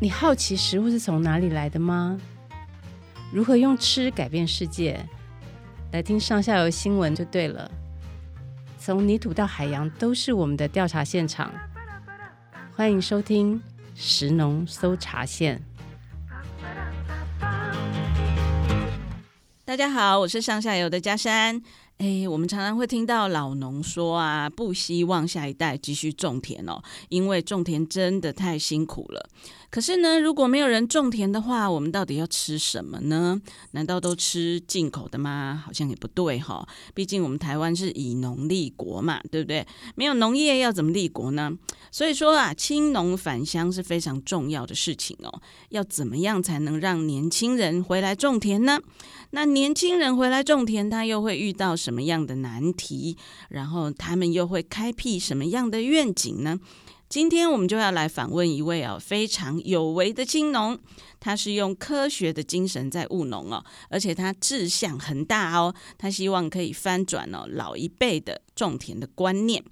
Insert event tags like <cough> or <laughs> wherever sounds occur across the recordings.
你好奇食物是從哪裡來的嗎？如何用吃改變世界？來聽上下游新聞就對了。從泥土到海洋，都是我們的調查現場。歡迎收聽食農搜查線。大家好，我是上下游的佳珊。誒，我們常常會聽到老農說啊，不希望下一代繼續種田哦，因為種田真的太辛苦了。可是呢，如果沒有人種田的話，我們到底要吃什麼呢？難道都吃進口的嗎？好像也不對哈。畢竟我們台灣是以農立國嘛，對不對？沒有農業要怎麼立國呢？所以說啊，青農返鄉是非常重要的事情哦。要怎麼樣才能讓年輕人回來種田呢？那年輕人回來種田，他又會遇到什麼樣的難題？然後他們又會開闢什麼樣的願景呢？今天我們就要來訪問一位非常有為的青農，他是用科學的精神在務農哦，而且他志向很大哦，他希望可以翻轉老一輩的種田的觀念。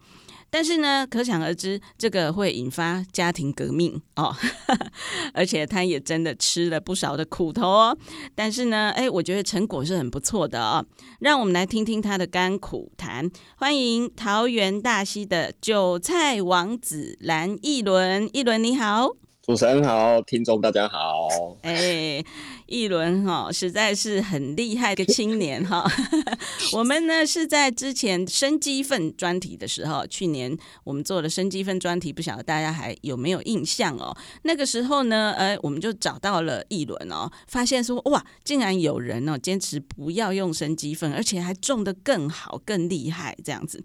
但是呢，可想而知，這個會引發家庭革命哦呵呵，而且他也真的吃了不少的苦頭哦。但是呢，哎，我覺得成果是很不錯的哦。讓我們來聽聽他的甘苦談。歡迎桃園大溪的韭菜王子藍毅綸，毅綸你好。主持人好，聽眾大家好。哎、欸，毅綸哈、喔，實在是很厲害的青年哈、喔。 <laughs> <laughs> 我們呢是在之前生雞糞專題的時候，去年我們做了生雞糞專題，不曉得大家還有沒有印象哦、喔？那個時候呢，呃，我們就找到了毅綸哦、喔，發現說哇，竟然有人哦、喔、堅持不要用生雞糞，而且還種得更好、更厲害這樣子。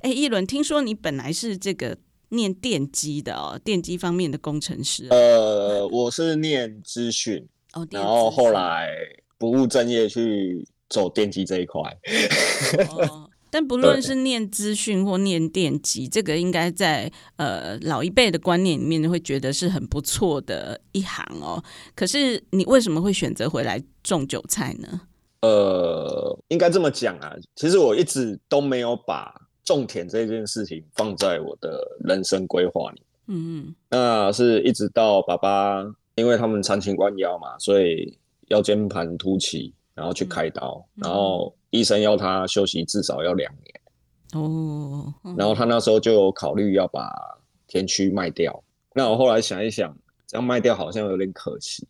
哎、欸，毅綸，聽說你本來是這個。念電機的哦，電機方面的工程師、哦。呃，嗯、我是念資訊，哦、然後後來不務正業去走電機這一塊。哦、 <laughs> 但不論是念資訊或念電機，對這個應該在呃老一輩的觀念裡面，會覺得是很不錯的一行哦。可是你為什麼會選擇回來種韭菜呢？呃，應該這麼講啊，其實我一直都沒有把。種田這件事情放在我的人生規劃裡面，嗯嗯，那是一直到爸爸因為他們長期彎腰嘛，所以腰間盤突起，然後去開刀，嗯嗯嗯，然後醫生要他休息至少要兩年，哦、嗯嗯，然後他那時候就有考慮要把田區賣掉，那我後來想一想，這樣賣掉好像有點可惜，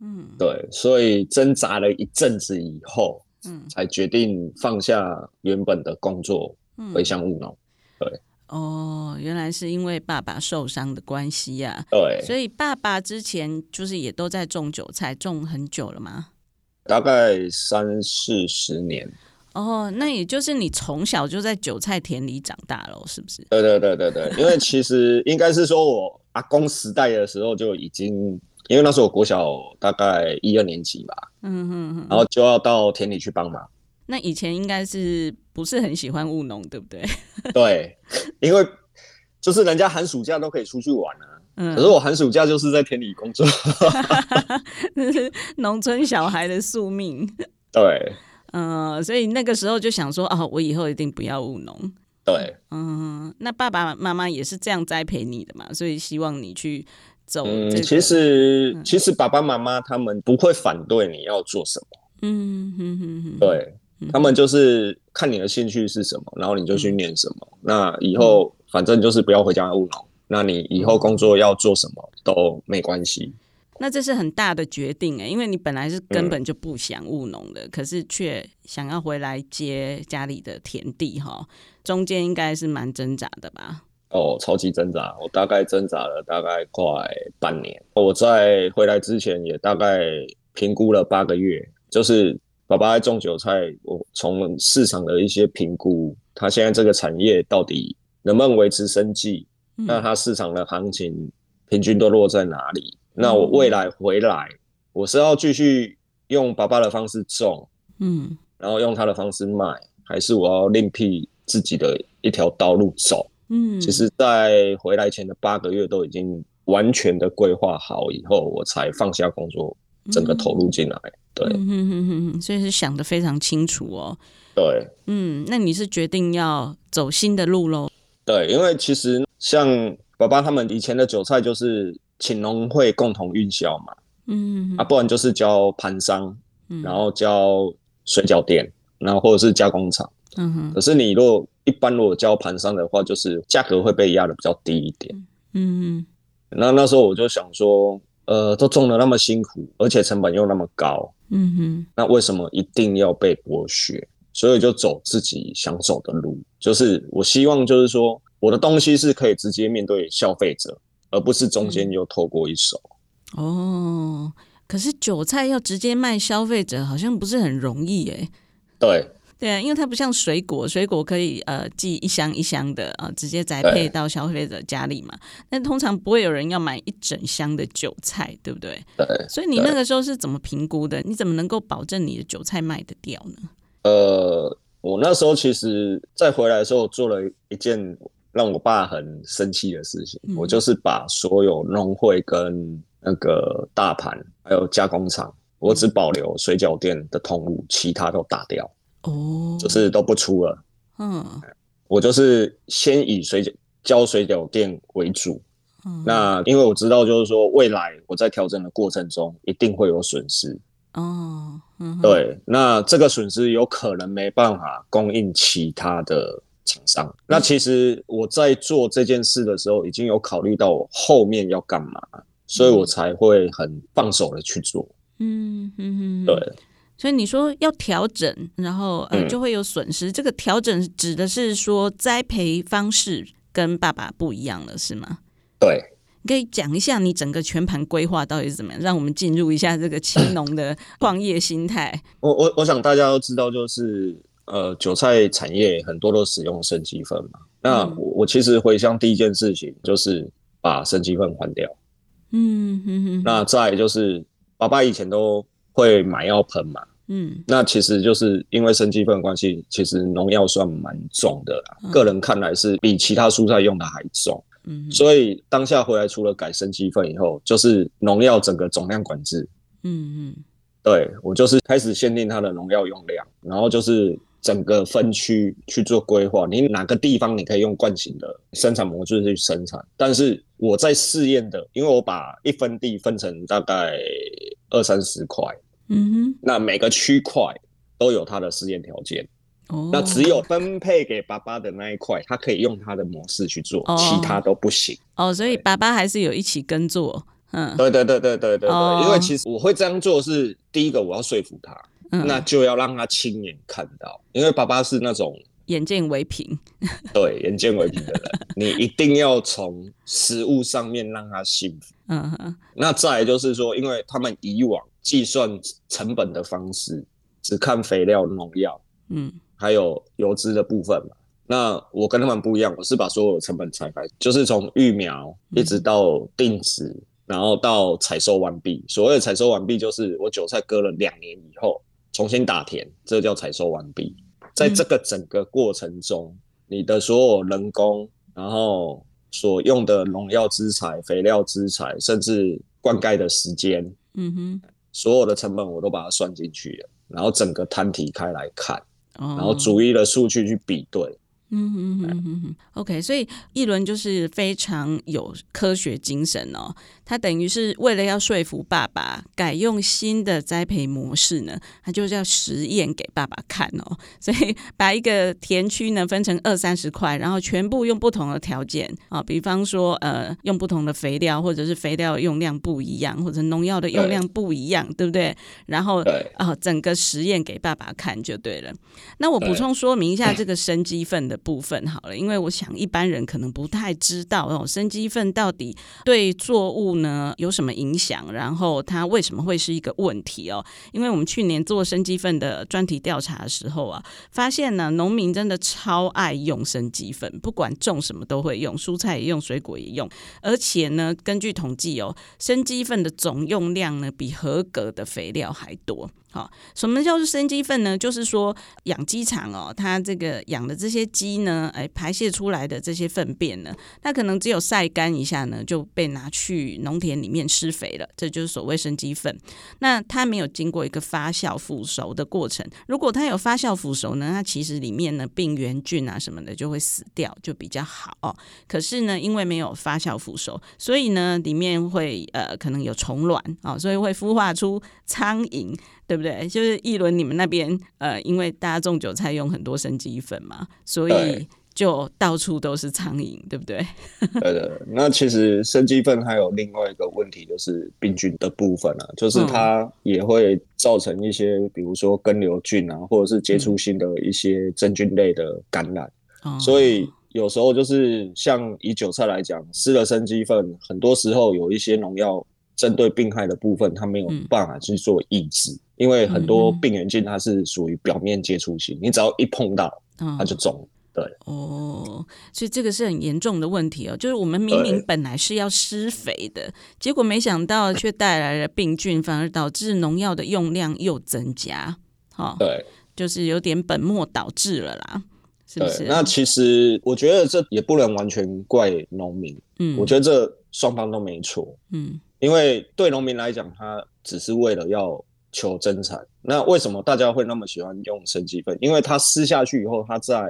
嗯，嗯，對，所以掙扎了一陣子以後，嗯，才決定放下原本的工作。回鄉務農，對，哦，原來是因為爸爸受傷的關係呀、啊。對，所以爸爸之前就是也都在種韭菜，種很久了嗎？大概三四十年。哦，那也就是你從小就在韭菜田裡長大了，是不是？對對對對對， <laughs> 因為其實應該是說我阿公時代的時候就已經，因為那時候我國小我大概一二年級吧，嗯哼哼。然後就要到田裡去幫忙。那以前應該是不是很喜歡務農，對不對？對，因為就是人家寒暑假都可以出去玩啊，嗯、可是我寒暑假就是在田裡工作，那 <laughs> <laughs> 是農村小孩的宿命。對，嗯、呃，所以那個時候就想說啊、哦，我以後一定不要務農。對，嗯、呃，那爸爸媽媽也是這樣栽培你的嘛，所以希望你去走、嗯。其實，其實爸爸媽媽他們不會反對你要做什麼。嗯嗯嗯嗯，對。嗯、他們就是看你的興趣是什麼，然後你就去念什麼。嗯、那以後反正就是不要回家務農。嗯、那你以後工作要做什麼都沒關係。那這是很大的決定，欸、因為你本來是根本就不想務農的，嗯、可是卻想要回來接家裡的田地哈。中間應該是蠻掙扎的吧？哦，超級掙扎。我大概掙扎了大概快半年。我在回來之前也大概評估了八個月，就是。爸爸在種韭菜，我從市場的一些評估，他現在這個產業到底能不能維持生計？嗯、那他市場的行情平均都落在哪裡？那我未來回來，嗯、我是要繼續用爸爸的方式種，嗯，然後用他的方式賣，還是我要另闢自己的一條道路走？嗯，其實，在回來前的八個月都已經完全的規劃好以後，我才放下工作。嗯、整個投入進來，對，嗯嗯嗯嗯，所以是想得非常清楚哦。對，嗯，那你是決定要走新的路嘍？對，因為其實像爸爸他們以前的韭菜就是請農會共同運銷嘛，嗯哼哼啊，不然就是交盤商，然後交水餃店，嗯、然後或者是加工廠，嗯哼。可是你如果一般如果交盤商的話，就是價格會被壓得比較低一點，嗯哼。那那時候我就想說。呃，都種的那麼辛苦，而且成本又那麼高，嗯哼，那為什麼一定要被剝削？所以就走自己想走的路，就是我希望，就是說我的東西是可以直接面對消費者，而不是中間又透過一手。嗯。哦，可是韭菜要直接賣消費者，好像不是很容易誒，欸。對。對啊，因為它不像水果，水果可以呃寄一箱一箱的啊、呃，直接宅配到消費者家裡嘛。但對通常不會有人要買一整箱的韭菜，對不對？對，所以你那個時候是怎麼評估的？對你怎麼能夠保證你的韭菜賣得掉呢？呃，我那時候其實在回來的時候，我做了一件讓我爸很生氣的事情，嗯、我就是把所有農會跟那個大盤還有加工廠，我只保留水餃店的通路，嗯、其他都打掉。哦，就是都不出了。嗯，我就是先以水餃、教水餃店為主。嗯，那因為我知道，就是說未來我在調整的過程中一定會有損失。哦、嗯，嗯嗯、對。那這個損失有可能沒辦法供應其他的廠商。嗯、那其實我在做這件事的時候，已經有考慮到我後面要幹嘛，嗯、所以我才會很放手的去做。嗯，嗯嗯對。所以你說要調整，然後呃就會有損失。嗯、這個調整指的是說栽培方式跟爸爸不一樣了，是嗎？對，你可以講一下你整個全盤規劃到底是怎麼樣，讓我們進入一下這個青農的創業心態。我我我想大家都知道，就是呃韭菜產業很多都使用生雞糞嘛。嗯、那我，我其實回鄉第一件事情就是把生雞糞換掉。嗯哼哼。那再就是爸爸以前都。會買藥噴嘛？嗯，那其實就是因為生雞糞的關係，其實農藥算蠻重的啦。啊、個人看來是比其他蔬菜用的還重。嗯哼，所以當下回來除了改生雞糞以後，就是農藥整個總量管制。嗯、嗯哼，對，我就是開始限定它的農藥用量，然後就是整個分區去做規劃。你哪個地方你可以用慣行的生產模式去生產，但是我在試驗的，因為我把一分地分成大概二三十塊。嗯哼，那每個區塊都有它的實驗條件哦。那只有分配給爸爸的那一塊，他可以用他的模式去做，其他都不行哦。所以爸爸還是有一起耕作，嗯，對對對對對對對，因為其實我會這樣做是第一個，我要說服他，那就要讓他親眼看到，因為爸爸是那種眼見為憑，對，眼見為憑的人，你一定要從食物上面讓他信服。嗯哼。那再來就是說，因為他們以往。計算成本的方式只看肥料、農藥，嗯，還有油脂的部分嘛。那我跟他們不一樣，我是把所有成本拆開，就是從育苗一直到定植，嗯、然後到採收完畢。所謂的採收完畢，就是我韭菜割了兩年以後重新打田，這叫採收完畢。在這個整個過程中，嗯、你的所有人工，然後所用的農藥資材、肥料資材，甚至灌溉的時間，嗯，嗯哼。所有的成本我都把它算進去了，然後整個攤提開來看，哦、然後逐一的數據去比對。嗯哼嗯哼嗯嗯對，OK，所以毅綸就是非常有科學精神哦。他等於是為了要說服爸爸改用新的栽培模式呢，他就是要實驗給爸爸看哦。所以把一個田區呢，分成二三十塊，然後全部用不同的條件啊、哦，比方說呃用不同的肥料，或者是肥料用量不一樣，或者農藥的用量不一樣，對，對不對？然後啊對、呃、整個實驗給爸爸看就對了。那我補充說明一下這個生雞糞的部分好了，因為我想一般人可能不太知道哦，生雞糞到底對作物呢？有什麼影響？然後它為什麼會是一個問題哦？因為我們去年做生雞糞的專題調查的時候啊，發現呢，農民真的超愛用生雞糞，不管種什麼都會用，蔬菜也用，水果也用，而且呢，根據統計哦，生雞糞的總用量呢，比合格的肥料還多。好，什麼叫做生雞糞呢？就是說養雞場哦，它這個養的這些雞呢、哎，排泄出來的這些糞便呢，它可能只有曬乾一下呢，就被拿去農田裡面施肥了，這就是所謂生雞糞。那它沒有經過一個發酵腐熟的過程。如果它有發酵腐熟呢，它其實裡面呢病原菌啊什麼的就會死掉，就比較好。哦、可是呢，因為沒有發酵腐熟，所以呢，裡面會呃可能有蟲卵、哦、所以會孵化出蒼蠅。對不對？就是一輪你們那邊，呃，因為大家種韭菜用很多生雞糞嘛，所以就到處都是蒼蠅，對不對？對的。那其實生雞糞還有另外一個問題，就是病菌的部分啊，就是它也會造成一些，嗯、比如說根瘤菌啊，或者是接觸性的一些真菌類的感染。嗯、所以有時候就是像以韭菜來講，施了生雞糞，很多時候有一些農藥針對病害的部分，它沒有辦法去做抑制。嗯因為很多病原菌它是屬於表面接觸型，嗯、你只要一碰到，哦、它就中。對，哦，所以這個是很嚴重的問題哦。就是我們明明本來是要施肥的，對結果沒想到卻帶來了病菌，反而導致農藥的用量又增加。好、哦，對，就是有點本末倒置了啦，是不是？那其實我覺得這也不能完全怪農民。嗯，我覺得這雙方都沒錯。嗯，因為對農民來講，他只是為了要。求增產，那為什麼大家會那麼喜歡用生雞糞？因為它施下去以後，它在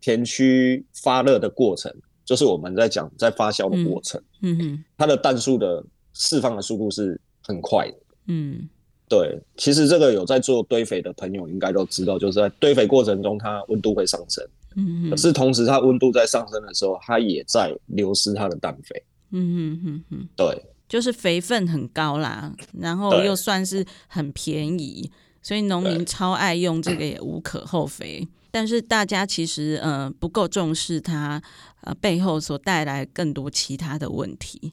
田區發熱的過程，就是我們在講在發酵的過程，嗯，嗯，它的氮素的釋放的速度是很快的，嗯，對。其實這個有在做堆肥的朋友應該都知道，就是在堆肥過程中，它溫度會上升，嗯、哼可是同時它溫度在上升的時候，它也在流失它的氮肥，嗯嗯嗯嗯，對。就是肥分很高啦，然後又算是很便宜，對所以農民超愛用這個也無可厚非。對但是大家其實呃不夠重視它呃背後所帶來更多其他的問題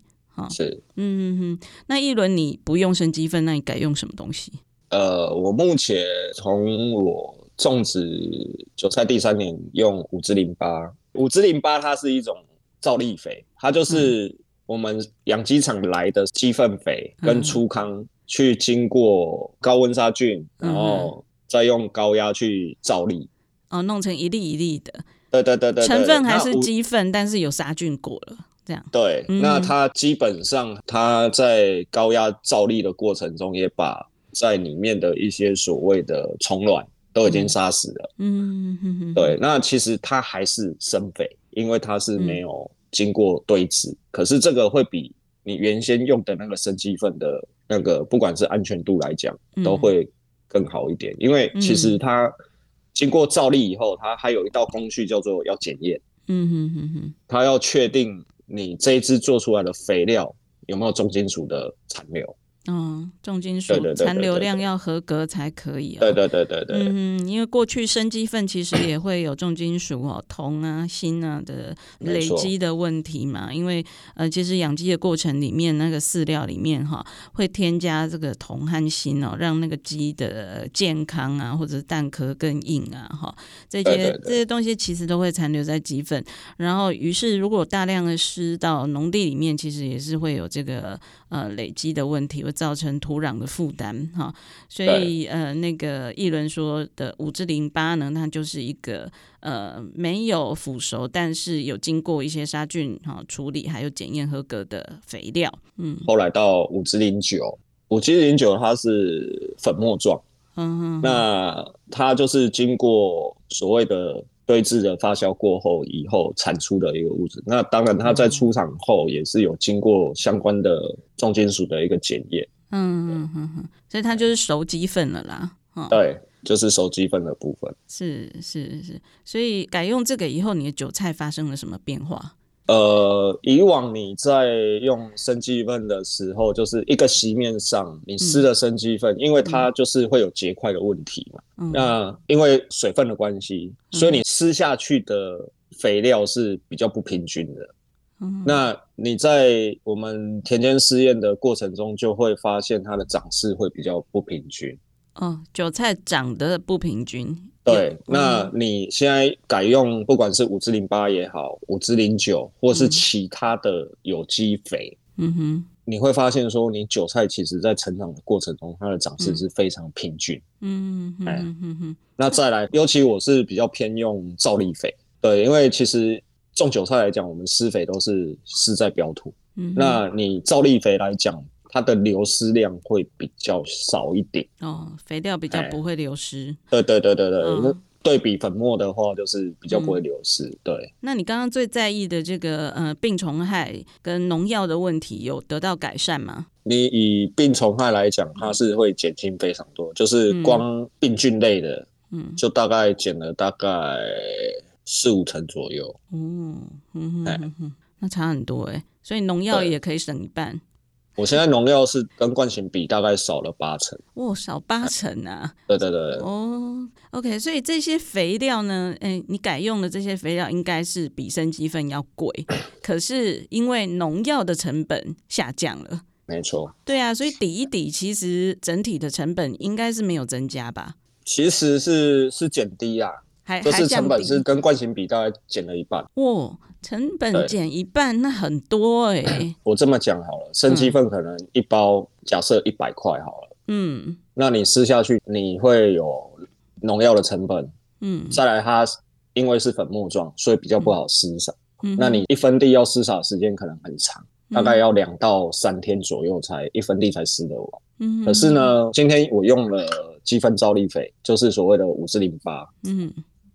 是，嗯嗯嗯。那毅綸你不用生雞糞，那你改用什麼東西？呃，我目前從我種植韭菜第三年用五支零八，五支零八它是一種造粒肥，它就是、嗯。我們養雞場來的雞糞肥跟粗糠，去經過高溫殺菌，嗯、哼然後再用高壓去造粒，嗯，哦，弄成一粒一粒的。對，對對對對，成分還是雞糞，那但是有殺菌過了，這樣。對，嗯、哼那它基本上它在高壓造粒的過程中，也把在裡面的一些所謂的蟲卵都已經殺死了。嗯哼嗯哼哼，對，那其實它還是生肥，因為它是沒有、嗯。經過堆置，可是這個會比你原先用的那個生雞糞的那個，不管是安全度來講，都會更好一點。嗯、因為其實它經過造粒以後，它還有一道工序叫做要檢驗。嗯哼哼、嗯、哼，它要確定你這一支做出來的肥料有沒有重金屬的殘留？嗯、哦，重金屬殘留量要合格才可以啊、哦。對對對對對。嗯嗯，因為過去生雞糞其實也會有重金屬哦， <coughs> 銅啊、鋅啊的累積的問題嘛。錯因為呃，其實養雞的過程裡面，那個飼料裡面哈、哦，會添加這個銅和鋅哦，讓那個雞的健康啊，或者是蛋殼更硬啊，哈、哦，這些對對對這些東西其實都會殘留在雞糞。然後，於是如果大量的施到農地裡面，其實也是會有這個呃累積的問題。造成土壤的負擔，哈，所以對呃，那個毅綸說的五之零八呢，它就是一個呃沒有腐熟，但是有經過一些殺菌哈處理，還有檢驗合格的肥料，嗯。後來到五之零九，五之零九它是粉末狀，嗯哼，那它就是經過所謂的。堆製的發酵過後以後，產出的一個物質，那當然它在出廠後也是有經過相關的重金屬的一個檢驗。嗯嗯嗯，嗯，所以它就是熟雞糞了啦。哦、對，就是熟雞糞的部分。是是是，所以改用這個以後，你的韭菜發生了什麼變化？呃，以往你在用生雞糞的時候，就是一個席面上你施了生雞糞，嗯、因為它就是會有結塊的問題嘛。嗯、那因為水分的關係，所以你施下去的肥料是比較不平均的。嗯嗯、那你在我們田間試驗的過程中，就會發現它的長勢會比較不平均。哦、嗯，韭菜長得不平均。對，那你現在改用不管是五之零八也好，五之零九，09，或是其他的有機肥，嗯，嗯哼，你會發現說，你韭菜其實在成長的過程中，它的長勢是非常平均，嗯，嗯哼，那再來，尤其我是比較偏用造粒肥，對，因為其實種韭菜來講，我們施肥都是施在表土，嗯哼，那你造粒肥來講。它的流失量會比較少一點哦，肥料比較不會流失。欸、對對對對對，嗯、那對比粉末的話，就是比較不會流失。嗯、對，那你剛剛最在意的這個呃病蟲害跟農藥的問題，有得到改善嗎？你以病蟲害來講，它是會減輕非常多，嗯、就是光病菌類的，嗯，就大概減了大概四五成左右。哦、嗯，嗯哼，對那差很多哎、欸，所以農藥也可以省一半。我現在農藥是跟慣行比，大概少了八成。哇，少八成啊！對對對哦，oh，OK，所以這些肥料呢，欸，你改用的這些肥料應該是比生雞糞要貴， <coughs> 可是因為農藥的成本下降了，沒錯。對啊，所以抵一抵，其實整體的成本應該是沒有增加吧？其實是是減低啊，還是成本是跟慣行比大概減了一半。哇！成本減一半，嗯、那很多哎，欸。我這麼講好了，生雞糞可能一包，假設一百塊好了。嗯，那你施下去，你會有農藥的成本。嗯，再來它因為是粉末狀，所以比較不好施撒，嗯、那你一分地要施撒時間可能很長，嗯、大概要兩到三天左右才一分地才施得完。嗯，可是呢，今天我用了雞糞造粒肥，就是所謂的五四零八。嗯。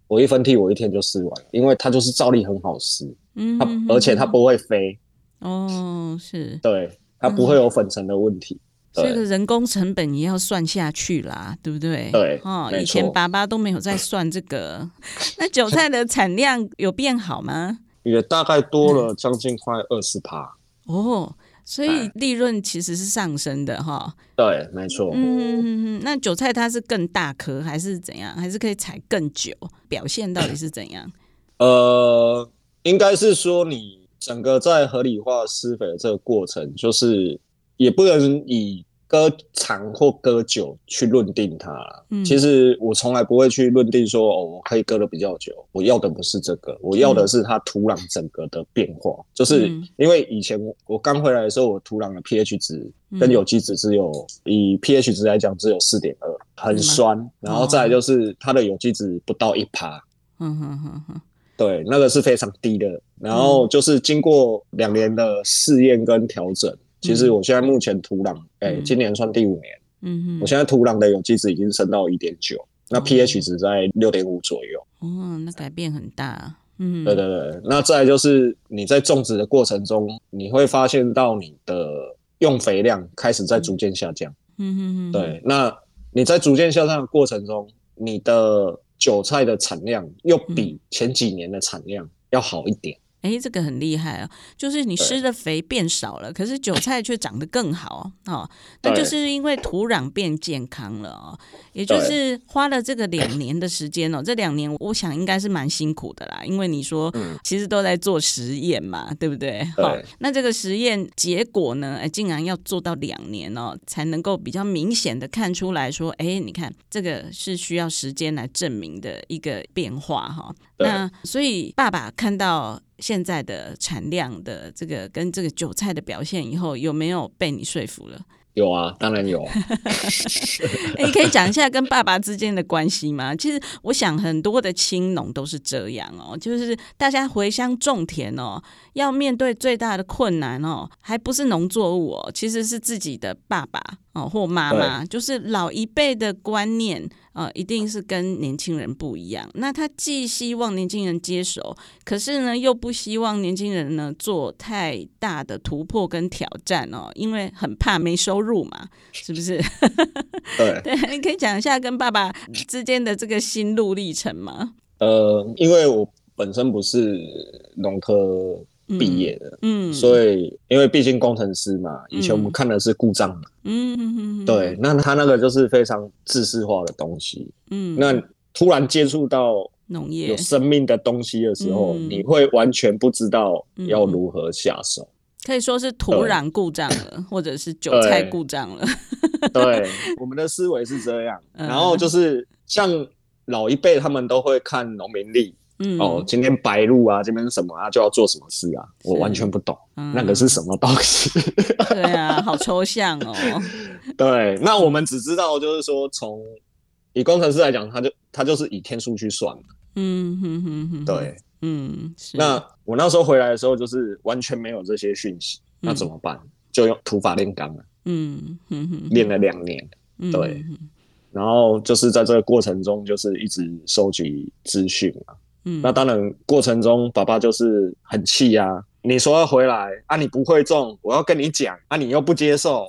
我一分地，我一天就施完了，因為它就是照例很好施。它、嗯、哼哼，而且它不會飛哦，是對，它不會有粉塵的問題，所以這個人工成本也要算下去啦，對不對？對，哦，錯以前爸爸都沒有在算這個，嗯、 <laughs> 那韭菜的產量有變好嗎？也大概多了將近快二十趴哦。所以利潤其實是上升的哈？對，沒錯。嗯，那韭菜它是更大棵還是怎樣？還是可以採更久？表現到底是怎樣？ <laughs> 呃，應該是說你整個在合理化施肥的這個過程，就是也不能以。割長或割久去論定它，嗯、其實我從來不會去論定說，哦，我可以割得比較久。我要的不是這個，我要的是它土壤整個的變化。嗯、就是因為以前我剛回來的時候，我土壤的 pH 值跟有機質只有，嗯、以 pH 值來講只有四點二，很酸。然後再來就是它的有機質不到一趴、嗯。嗯哼哼哼，嗯、對，那個是非常低的。然後就是經過兩年的試驗跟調整。其實我現在目前土壤，哎、嗯欸，今年算第五年，嗯哼，我現在土壤的有機質已經升到一點九，那 pH 值在六點五左右。哦，那改變很大，嗯，對對對。那再來就是你在種植的過程中，你會發現到你的用肥量開始在逐漸下降。嗯哼哼。對，那你在逐漸下降的過程中，你的韭菜的產量又比前幾年的產量要好一點。嗯哼哼哎，這個很厲害哦，就是你施的肥變少了，對可是韭菜卻長得更好哦。那就是因為土壤變健康了哦。也就是花了這個兩年的時間哦，對這兩年我想應該是蠻辛苦的啦，因為你說、嗯、其實都在做實驗嘛，對不對？好對、哦，那這個實驗結果呢，哎，竟然要做到兩年哦，才能夠比較明顯的看出來說，哎，你看這個是需要時間來證明的一個變化哈。哦、對那所以爸爸看到。現在的產量的這個跟這個韭菜的表現，以後有沒有被你說服了？有啊，當然有啊。 <laughs> 你可以講一下跟爸爸之間的關係嗎？其實我想很多的青農都是這樣哦，就是大家回鄉種田哦，要面對最大的困難哦，還不是農作物哦，其實是自己的爸爸。哦、或媽媽對就是老一輩的觀念、呃、一定是跟年輕人不一樣。那他既希望年輕人接手，可是呢，又不希望年輕人呢做太大的突破跟挑戰哦，因為很怕沒收入嘛，是不是？對 <laughs> 對，你可以講一下跟爸爸之間的這個心路歷程嗎？呃，因為我本身不是農科。畢業的，嗯，所以因為畢竟工程師嘛，嗯、以前我們看的是故障嘛，嗯嗯對，那他那個就是非常知識化的東西，嗯，那突然接觸到農業有生命的東西的時候，業你會完全不知道要如何下手，嗯嗯、可以說是土壤故障了，對或者是韭菜故障了，對， <laughs> 對，我們的思維是這樣，嗯、然後就是像老一輩他們都會看農民曆哦，嗯、今天白露啊，今天什麼啊就要做什麼事啊？是我完全不懂，嗯、那個是什麼東西？對啊，好抽象哦。 <laughs> 對，那我們只知道就是說，從以工程師來講，他就他就是以天數去算。嗯哼哼哼哼對，嗯。那我那時候回來的時候，就是完全沒有這些訊息，那怎麼辦？嗯、就用土法煉鋼了。嗯哼練了兩年。嗯、哼哼對。然後就是在這個過程中，就是一直收集資訊嘛。那當然，過程中爸爸就是很氣呀、啊。你說要回來啊，你不會種，我要跟你講啊，你又不接受，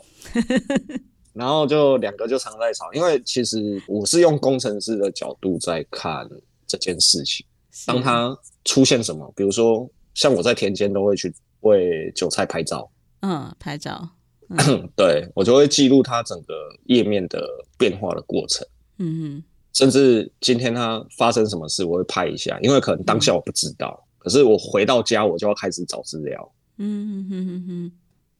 <laughs> 然後就兩個就常在吵。因為其實我是用工程師的角度在看這件事情。當它出現什麼，比如說像我在田間都會去為韭菜拍照，嗯，拍照，嗯、 <coughs> 對我就會記錄它整個葉面的變化的過程。嗯嗯甚至今天他發生什麼事，我會拍一下，因為可能當下我不知道，嗯、可是我回到家我就要開始找資料。嗯哼哼哼。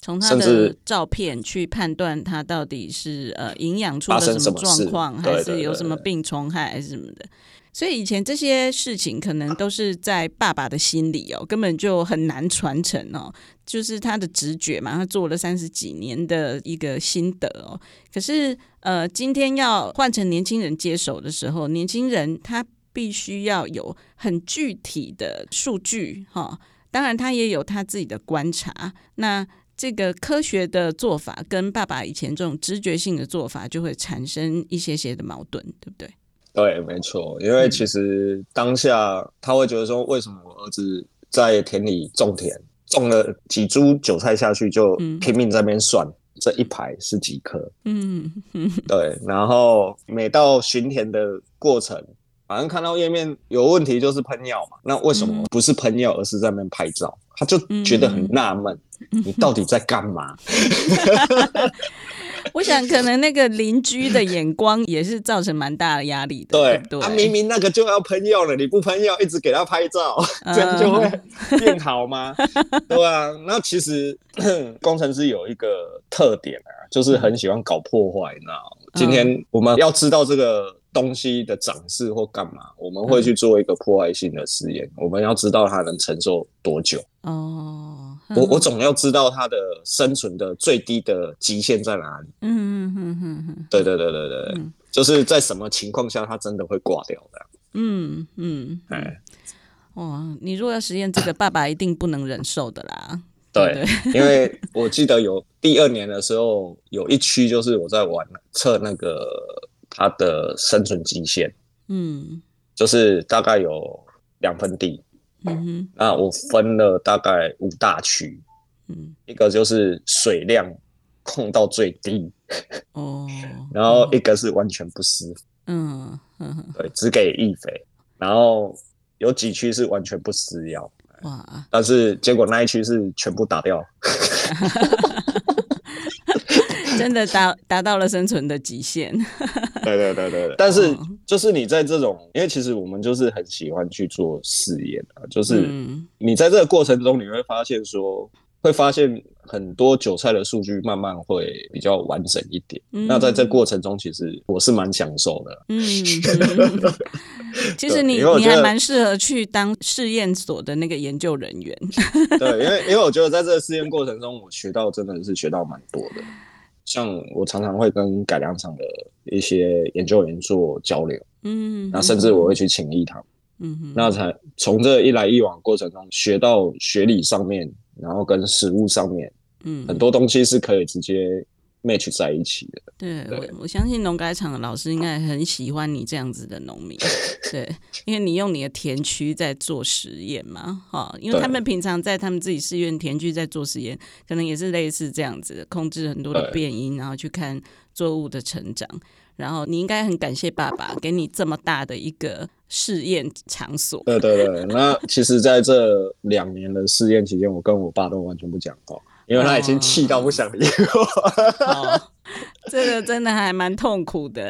從他的照片去判斷他到底是甚至呃營養出了什麼狀況，還是有什麼病蟲害，還是什麼的。所以以前這些事情可能都是在爸爸的心裡哦，啊、根本就很難傳承哦。就是他的直覺嘛，他做了三十幾年的一個心得哦。可是呃，今天要換成年輕人接手的時候，年輕人他必須要有很具體的數據哈、哦。當然，他也有他自己的觀察那。這個科學的做法跟爸爸以前這種直覺性的做法就會產生一些些的矛盾，對不對？對，沒錯。因為其實當下、嗯、他會覺得說，為什麼我兒子在田裡種田，種了幾株韭菜下去就拼命在那邊算、嗯、這一排是幾棵？嗯，對。然後每到巡田的過程。反正看到頁面有問題就是噴藥嘛，那為什麼不是噴藥，而是在那邊拍照？嗯、他就覺得很納悶，嗯、你到底在幹嘛？ <laughs> <laughs> 我想可能那個鄰居的眼光也是造成蠻大的壓力的對，他、啊、明明那個就要噴藥了，你不噴藥，一直給他拍照，嗯、這樣就會變好嗎？嗯、 <laughs> 對啊，那其實 <coughs> 工程師有一個特點啊，就是很喜歡搞破壞。那、嗯、今天我們要知道這個。東西的長勢或幹嘛，我們會去做一個破壞性的實驗。嗯、我們要知道它能承受多久。哦，我我總要知道它的生存的最低的極限在哪裡。嗯嗯嗯嗯嗯，對對對對對，嗯、就是在什麼情況下它真的會掛掉的。嗯嗯嗯，嗯嘿哦，你如果要實驗這個，啊、爸爸一定不能忍受的啦。對，對對對，因為我記得有第二年的時候， <laughs> 有一區就是我在玩測那個。它的生存極限，嗯，就是大概有兩分地，嗯那哼、啊、我分了大概五大區，嗯，一個就是水量控到最低，哦， <laughs> 然後一個是完全不施，嗯哼對，只給液肥，然後有幾區是完全不施藥，哇，但是結果那一區是全部打掉。哈哈哈。真的達達到了生存的極限。對對對對，對但是就是你在這種，哦、因為其實我們就是很喜歡去做試驗啊，就是你在這個過程中你會發現說，嗯、會發現很多韭菜的數據慢慢會比較完整一點。嗯、那在這個過程中，其實我是蠻享受的、啊嗯。嗯，嗯 <laughs> 其實你對你還蠻適合去當試驗所的那個研究人員。對，因為因為我覺得在這個試驗過程中，我學到真的是學到蠻多的。像我常常會跟改良場的一些研究員做交流，嗯哼，那甚至我會去請一堂，嗯哼，那才從這一來一往過程中學到學理上面，然後跟實務上面，嗯，很多東西是可以直接。match 在一起的，對，我對我相信農改場的老師應該很喜歡你這樣子的農民，對，因為你用你的田區在做實驗嘛，哈， <laughs> 因為他們平常在他們自己試驗田區在做實驗，對可能也是類似這樣子，控制很多的變因，對然後去看作物的成長，然後你應該很感謝爸爸給你這麼大的一個試驗場所，對對對， <laughs> 那其實在這兩年的試驗期間，我跟我爸都完全不講話。因為他已經氣到不想理我。哦 <laughs> 哦，這個真的還蠻痛苦的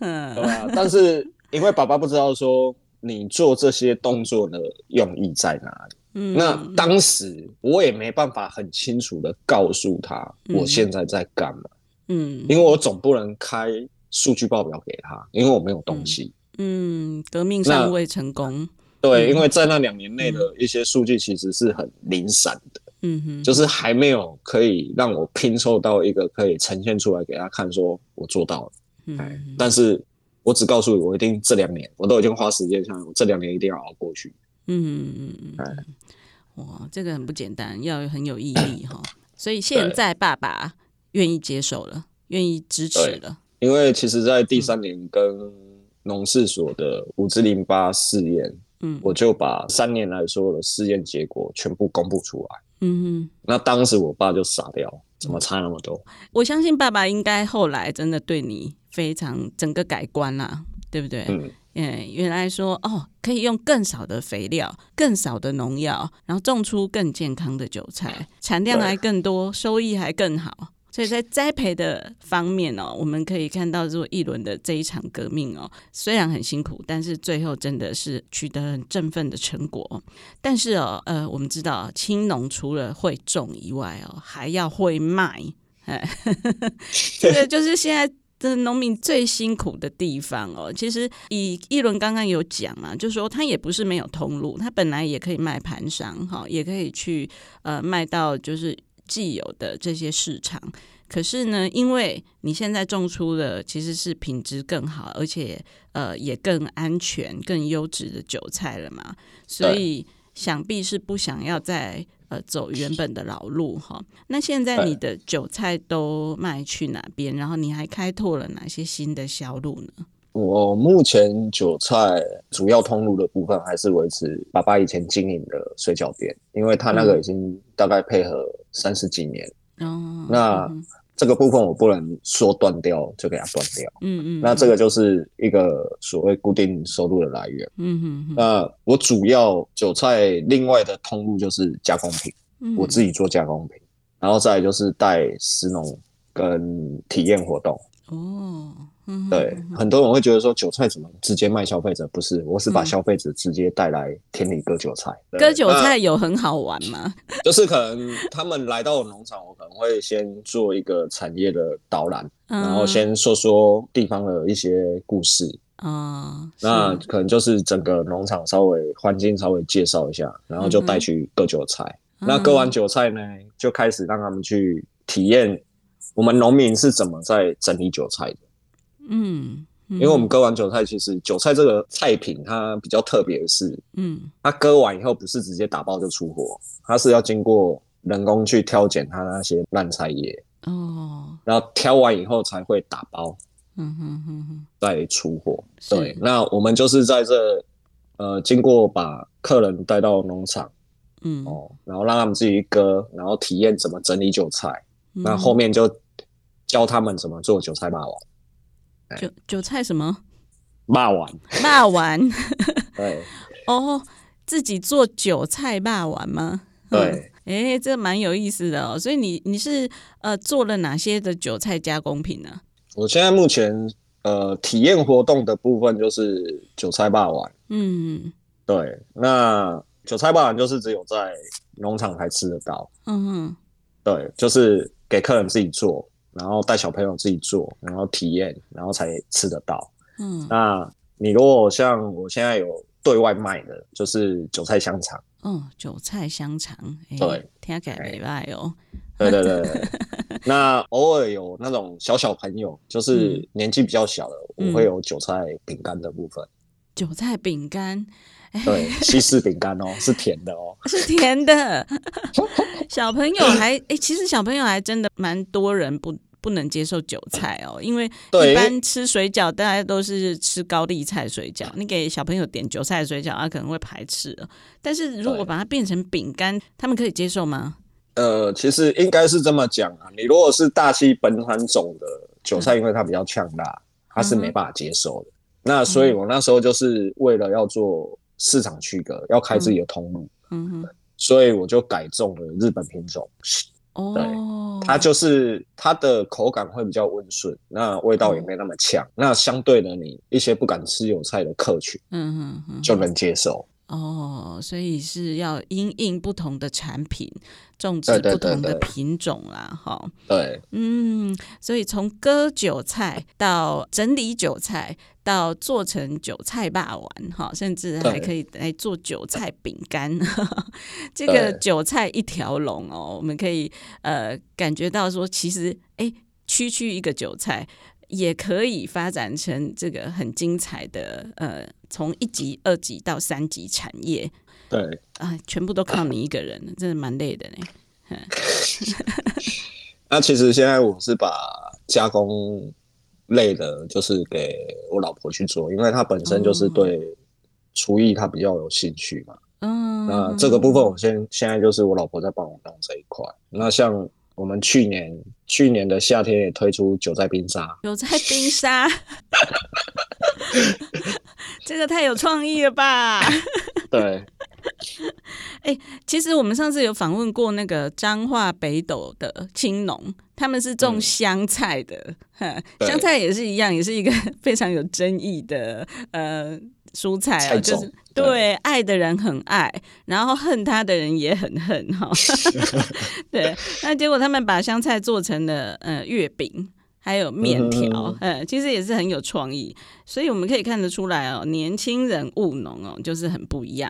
嗯、欸啊，但是因為爸爸不知道說你做這些動作的用意在哪裡，嗯，那當時我也沒辦法很清楚的告訴他我現在在幹嘛。嗯，嗯，因為我總不能開數據報表給他，因為我沒有東西，嗯，革、嗯、命尚未成功，對，嗯、因為在那兩年內的一些數據其實是很零散的。嗯哼，就是還沒有可以讓我拼湊到一個可以呈現出來給他看，說我做到了。嗯哼，但是我只告訴你，我一定這兩年，我都已經花時間想，我這兩年一定要熬過去。嗯嗯嗯哇，這個很不簡單，要很有毅力哈。所以現在爸爸願意接受了，願對意支持了。因為其實，在第三年跟農試所的五七零八試驗，嗯哼，我就把三年來所有的試驗結果全部公布出來。嗯哼，那當時我爸就傻掉，怎麼差那麼多？我相信爸爸應該後來真的對你非常整個改觀啦，啊，對不對？嗯，嗯，原來說哦，可以用更少的肥料，更少的農藥，然後種出更健康的韭菜，產量，嗯、還更多，對收益還更好。所以在栽培的方面哦，我們可以看到，毅綸的這一場革命哦，雖然很辛苦，但是最後真的是取得很振奮的成果。但是哦，呃，我們知道青農除了會種以外哦，還要會賣。這個 <laughs> <laughs> <laughs> 就是現在的農民最辛苦的地方哦。其實毅綸剛剛有講嘛、啊，就說他也不是沒有通路，他本來也可以賣盤商，哈，也可以去呃賣到就是。既有的這些市場，可是呢，因為你現在種出的其實是品質更好，而且呃也更安全、更優質的韭菜了嘛，所以想必是不想要再呃走原本的老路哈。那現在你的韭菜都賣去哪邊？然後你還開拓了哪些新的銷路呢？我目前韭菜主要通路的部分還是維持爸爸以前經營的水餃店，因為他那個已經大概配合三十幾年。嗯、那這個部分我不能說斷掉就給他斷掉。嗯嗯，嗯嗯，那這個就是一個所謂固定收入的來源。嗯嗯，嗯嗯，那我主要韭菜另外的通路就是加工品，嗯、我自己做加工品，然後再來就是帶食農跟體驗活動。哦。嗯、對，很多人會覺得說，韭菜怎麼直接賣消費者？不是，我是把消費者直接帶來田裡割韭菜。嗯、割韭菜有很好玩嗎？就是可能他們來到我農場，我可能會先做一個產業的導覽，然後先說說地方的一些故事啊。嗯嗯、那可能就是整個農場稍微環境稍微介紹一下，然後就帶去割韭菜。嗯、哼那割完韭菜呢，就開始讓他們去體驗我們農民是怎麼在整理韭菜的。嗯，嗯，因為我們割完韭菜，其實韭菜這個菜品它比較特別的是，嗯，它割完以後不是直接打包就出貨，它是要經過人工去挑揀它那些爛菜葉哦，然後挑完以後才會打包，嗯哼嗯哼、哼，再出貨。是對，那我們就是在這呃，經過把客人帶到農場，嗯哦，然後讓他們自己割，然後體驗怎麼整理韭菜，那、嗯、後、後面就教他們怎麼做韭菜霸王。韭韭菜什麼？肉圓，肉圓。對，哦，oh, 自己做韭菜肉圓嗎？對，誒、嗯，欸，這蠻有意思的哦。所以你你是呃做了哪些的韭菜加工品呢、啊？我現在目前呃體驗活動的部分就是韭菜肉圓。嗯，對，那韭菜肉圓就是只有在農場才吃得到。嗯哼，對，就是給客人自己做。然後帶小朋友自己做，然後體驗，然後才吃得到。嗯，那你如果像我現在有對外賣的，就是韭菜香腸。哦，韭菜香腸，欸、對，聽起來很美味哦。對對，對對對， <laughs> 那偶爾有那種小小朋友，就是年紀比較小的，嗯、我會有韭菜餅乾的部分。嗯、韭菜餅乾。對，西式餅乾哦， <laughs> 是甜的哦，是甜的。小朋友還誒、欸，其實小朋友還真的蠻多人不不能接受韭菜哦，因為一般吃水餃大家都是吃高麗菜的水餃，你給小朋友點韭菜水餃，他、啊、可能會排斥。但是如果把它變成餅乾，對他們可以接受嗎？呃，其實應該是這麼講啊，你如果是大溪本產種的韭菜，因為它比較嗆辣，它是沒辦法接受的。嗯、那所以我那時候就是為了要做。市場區隔要開自己的通路，嗯，嗯哼，所以我就改種了日本品種，哦、對，它就是它的口感會比較溫順，那味道也沒那麼嗆，嗯、那相對的你一些不敢吃韭菜的客群，嗯哼，嗯哼，就能接受。哦，所以是要因應不同的產品，種植不同的品種啦，哈。對，對，對，對，嗯，所以從割韭菜到整理韭菜，到做成韭菜粑粑，哈，甚至還可以來做韭菜餅乾。 <laughs> 這個韭菜一條龍哦，我們可以、呃、感覺到說，其實哎，區、欸、區一個韭菜也可以發展成這個很精彩的呃。從一級、二級到三級產業，對啊，全部都靠你一個人， <laughs> 真的蠻累的嘞。 <laughs> 那其實現在我是把加工類的，就是給我老婆去做，因為她本身就是對廚藝她比較有興趣嘛。嗯，oh. 那這個部分我先現在就是我老婆在幫我弄這一塊。那像。我們去年，去年的夏天也推出韭菜冰沙，韭菜冰沙， <laughs> <laughs> 這個太有創意了吧？ <laughs> 對，哎、欸，其實我們上次有訪問過那個彰化北斗的青農，他們是種香菜的，對香菜也是一樣，也是一個非常有爭議的、呃、蔬菜，喔，菜種就是，對，愛的人很愛，然後恨他的人也很恨哦，哈。 <laughs> <laughs> 對，那結果他們把香菜做成了呃月餅，還有麵條，呃，其實也是很有創意。所以我們可以看得出來哦，年輕人務農哦，就是很不一樣，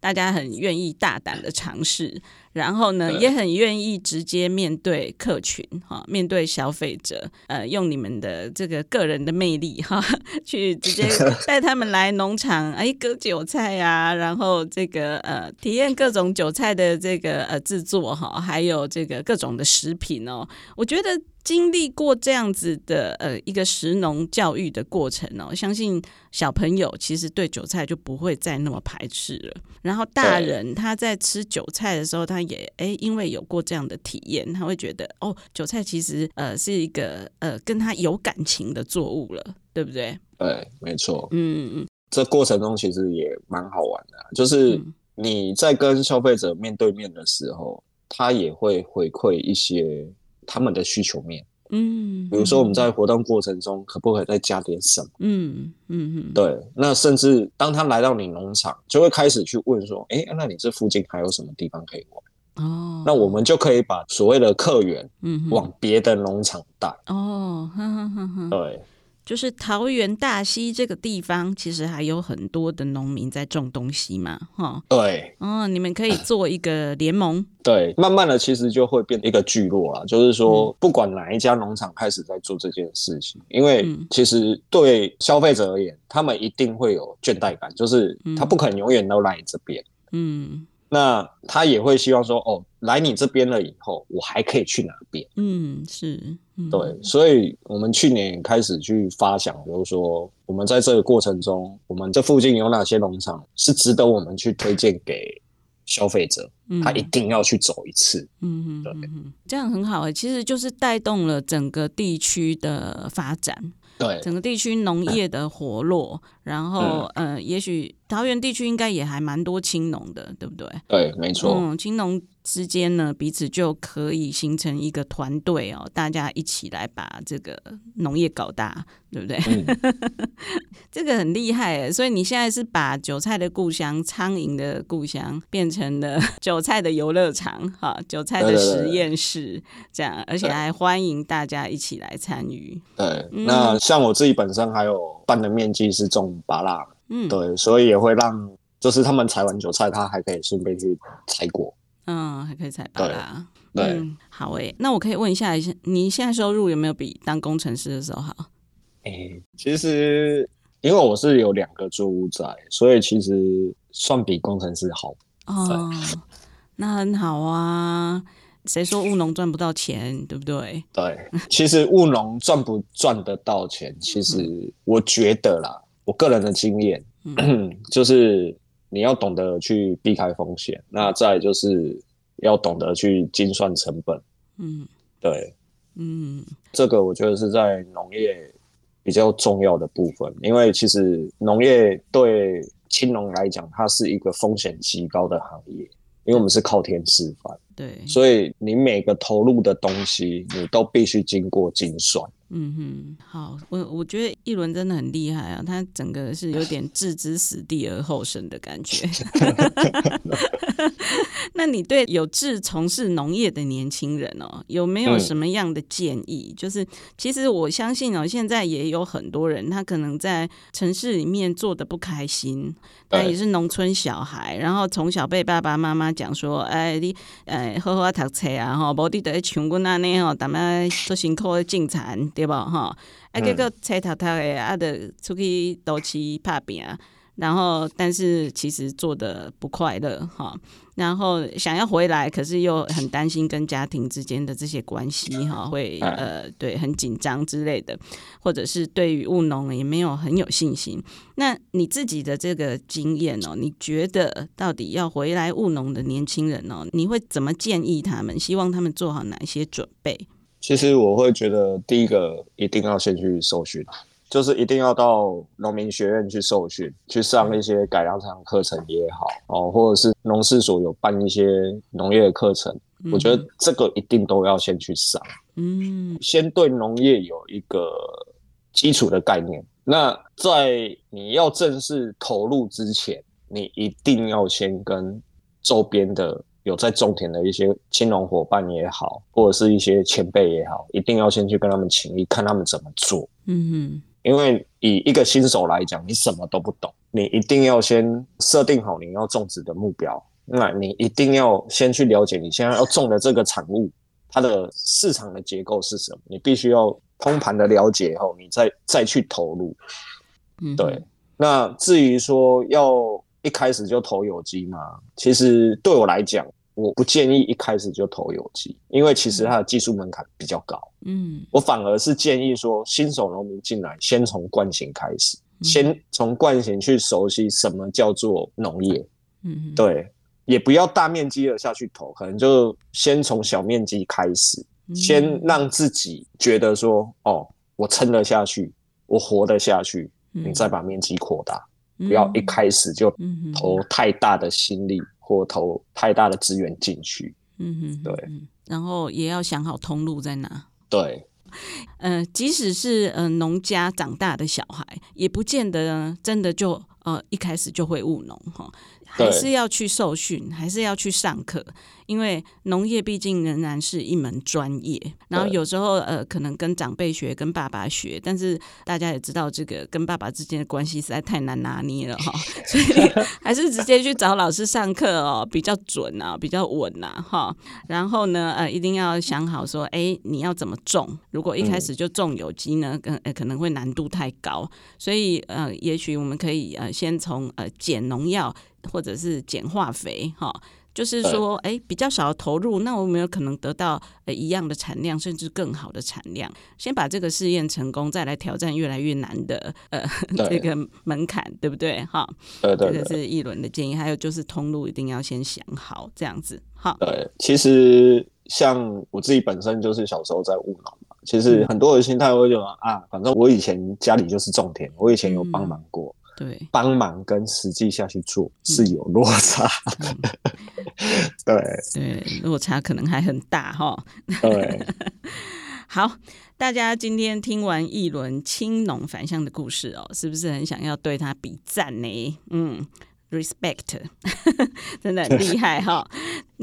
大家很願意大膽的嘗試。然後呢，也很願意直接面對客群哈，面對消費者，呃，用你們的這個個人的魅力哈，去直接帶他們來農場， <laughs> 哎，割韭菜呀，啊，然後這個呃，體驗各種韭菜的這個呃製作哈，還有這個各種的食品哦，我覺得。經歷過這樣子的呃一個食農教育的過程哦，相信小朋友其實對韭菜就不會再那麼排斥了。然後大人他在吃韭菜的時候，他也對誒，因為有過這樣的體驗，他會覺得哦，韭菜其實呃是一個呃跟他有感情的作物了，對不對？對，沒錯。嗯嗯嗯，這過程中其實也蠻好玩的，就是你在跟消費者面對面的時候，他也會回饋一些。他們的需求面，嗯，比如說我們在活動過程中可不可以再加點什麼？嗯嗯嗯，嗯嗯對。那甚至當他來到你農場，就會開始去問說：“哎、欸，那你這附近還有什麼地方可以玩？”哦，那我們就可以把所謂的客源，嗯，往別的農場帶。哦，呵呵呵，對。就是桃園大溪這個地方，其實還有很多的農民在種東西嘛，哈。對，嗯、哦，你們可以做一個聯盟。對，慢慢的，其實就會變一個聚落啊。就是說，不管哪一家農場開始在做這件事情，嗯、因為其實對消費者而言，他們一定會有倦怠感，就是他不可能永遠都來這邊、嗯。嗯。那他也會希望說，哦，來你這邊了以後，我還可以去哪邊？嗯，是，嗯、對。所以，我們去年開始去發想，比如說，我們在這個過程中，我們這附近有哪些農場是值得我們去推薦給消費者，他一定要去走一次。嗯，對，這樣很好。欸，其實就是帶動了整個地區的發展。對整個地區農業的活絡，嗯、然後呃，也許桃園地區應該也還蠻多青農的，對不對？對，沒錯，嗯，青農，之間呢，彼此就可以形成一個團隊哦，大家一起來把這個農業搞大，對不對？嗯、 <laughs> 這個很厲害哎！所以你現在是把韭菜的故鄉、蒼蠅的故鄉變成了韭菜的遊樂場，哈，韭菜的實驗室。對對對對，這樣，而且還歡迎大家一起來參與。對，嗯、那像我自己本身還有半的面積是種芭樂，嗯，對，所以也會讓就是他們採完韭菜，他還可以順便去採果。嗯，還可以才啦。對，嗯，好誒、欸，那我可以問一下，一下你現在收入有沒有比當工程師的時候好？誒、欸，其實因為我是有兩個作物在，所以其實算比工程師好。哦，那很好啊！誰說務農賺不到錢，嗯、對不對？對，其實務農賺不賺得到錢， <laughs> 其實我覺得啦，我個人的經驗、嗯、 <coughs> 就是。你要懂得去避開風險，那再就是要懂得去精算成本。嗯，對，嗯，這個我覺得是在農業比較重要的部分，因為其實農業對青農來講，它是一個風險極高的行業，因為我們是靠天吃飯。嗯對，所以你每個投入的東西，你都必須經過精算，嗯哼，好，我我覺得毅綸真的很厲害啊，他整個是有點置之死地而後生的感覺。 <laughs> <laughs> <laughs> 那你對有志從事農業的年輕人哦，有沒有什麼樣的建議？嗯、就是其實我相信哦，現在也有很多人，他可能在城市裡面做得不開心，對但也是農村小孩，然後從小被爸爸媽媽講說，哎，你，呃、哎。好好啊，讀冊啊，吼，無滴在咧像阮安尼吼，逐仔做辛苦種田，對無吼？啊、嗯，結果冊讀讀誒啊，着出，出去都市拍拼。然後，但是其實做得不快樂哈。然後想要回來，可是又很擔心跟家庭之間的這些關係哈，會呃對很緊張之類的，或者是對於務農也沒有很有信心。那你自己的這個經驗哦，你覺得到底要回來務農的年輕人哦，你會怎麼建議他們？希望他們做好哪一些準備？其實我會覺得，第一個一定要先去搜尋。就是一定要到農民學院去受訓，去上一些改良場課程也好哦，或者是農事所有辦一些農業的課程，嗯、我覺得這個一定都要先去上，嗯，先對農業有一個基礎的概念。那在你要正式投入之前，你一定要先跟周邊的有在種田的一些青農夥伴也好，或者是一些前輩也好，一定要先去跟他們請益，看他們怎麼做，嗯哼。因為以一個新手來講，你什麼都不懂，你一定要先設定好你要種植的目標。那你一定要先去了解你現在要種的這個產物，它的市場的結構是什麼？你必須要通盤的了解以後，你再再去投入。嗯，對。嗯哼。那至於說要一開始就投有機嘛，其實對我來講。我不建議一開始就投有機，因為其實它的技術門檻比較高。嗯哼，我反而是建議說，新手農民進來先從慣行開始，嗯、哼先從慣行去熟悉什麼叫做農業。嗯嗯哼，對，也不要大面積的下去投，可能就先從小面積開始，嗯、哼先讓自己覺得說，哦，我撐得下去，我活得下去，嗯、哼你再把面積擴大，嗯、哼不要一開始就投太大的心力。嗯或投太大的資源進去，嗯哼、嗯，對，然後也要想好通路在哪，對，呃，即使是呃農家長大的小孩，也不見得真的就呃一開始就會務農哈，對還是要去受訓，還是要去上課。因為農業畢竟仍然是一門專業，然後有時候呃，可能跟長輩學，跟爸爸學，但是大家也知道這個跟爸爸之間的關係實在太難拿捏了哈、哦，所以還是直接去找老師上課哦，比較準啊，比較穩啊哈、哦。然後呢，呃，一定要想好說，哎，你要怎麼種？如果一開始就種有機呢，呃，可能會難度太高，所以呃，也許我們可以呃，先從呃減農藥或者是減化肥哈。哦就是說，哎對、欸，比較少的投入，那我有沒有可能得到、呃、一樣的產量，甚至更好的產量。先把這個試驗成功，再來挑戰越來越難的呃對這個門檻，對不對？哈對對對，這個是一輪的建議。還有就是通路一定要先想好，這樣子哈。對，其實像我自己本身就是小時候在務農嘛，其實很多人心態會覺得、嗯、啊，反正我以前家裡就是種田，我以前有幫忙過。嗯對，幫忙跟實際下去做，嗯，是有落差，嗯、 <laughs> 對對，落差可能還很大哈。對 <laughs> 好，大家今天聽完一輪青農返鄉的故事哦，是不是很想要對他比讚呢？嗯，respect， <laughs> 真的 <laughs> 厲害哈。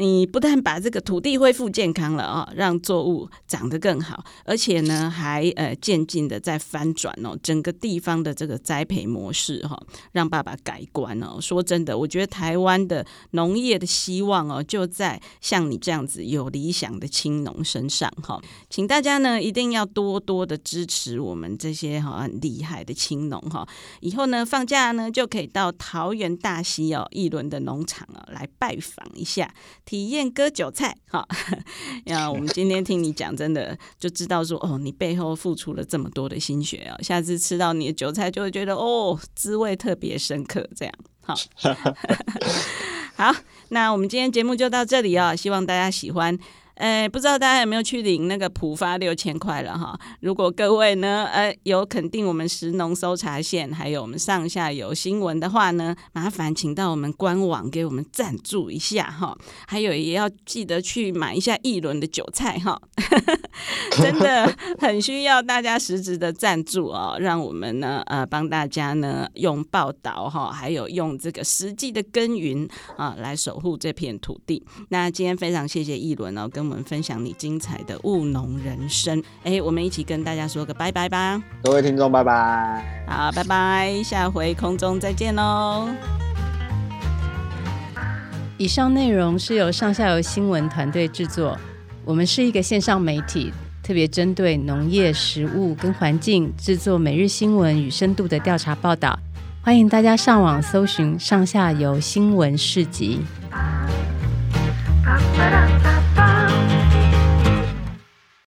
你不但把這個土地恢復健康了啊，讓作物長得更好，而且呢，還呃，漸漸的在翻轉哦，整個地方的這個栽培模式哦，讓爸爸改觀哦。說真的，我覺得台灣的農業的希望哦，就在像你這樣子有理想的青農身上哈。請大家呢，一定要多多的支持我們這些哈很厲害的青農哈。以後呢，放假呢，就可以到桃園大溪哦，毅綸的農場哦，來拜訪一下。體驗割韭菜，好、哦，那我們今天聽你講，真的就知道說哦，你背後付出了這麼多的心血哦，下次吃到你的韭菜就會覺得哦，滋味特別深刻，這樣好。哦、 <laughs> 好，那我們今天節目就到這裡哦，希望大家喜歡。哎、欸，不知道大家有沒有去領那個普發六千塊了哈？如果各位呢，呃，有肯定我們食農搜查線，還有我們上下游新聞的話呢，麻煩請到我們官網給我們贊助一下哈。還有也要記得去買一下毅綸的韭菜哈，真的很需要大家實質的贊助哦，讓我們呢，呃，幫大家呢用報道哈，還有用這個實際的耕耘啊，來守護這片土地。那今天非常謝謝毅綸哦，跟。我們分享你精彩的務農人生，哎、欸，我們一起跟大家說個拜拜吧！各位聽眾，拜拜！好，拜拜，下回空中再見哦。以上內容是由上下游新聞團隊製作，我們是一個線上媒體，特別針對農業、食物跟環境製作每日新聞與深度的調查報道。歡迎大家上網搜尋上下游新聞市集。啊啊啊啊啊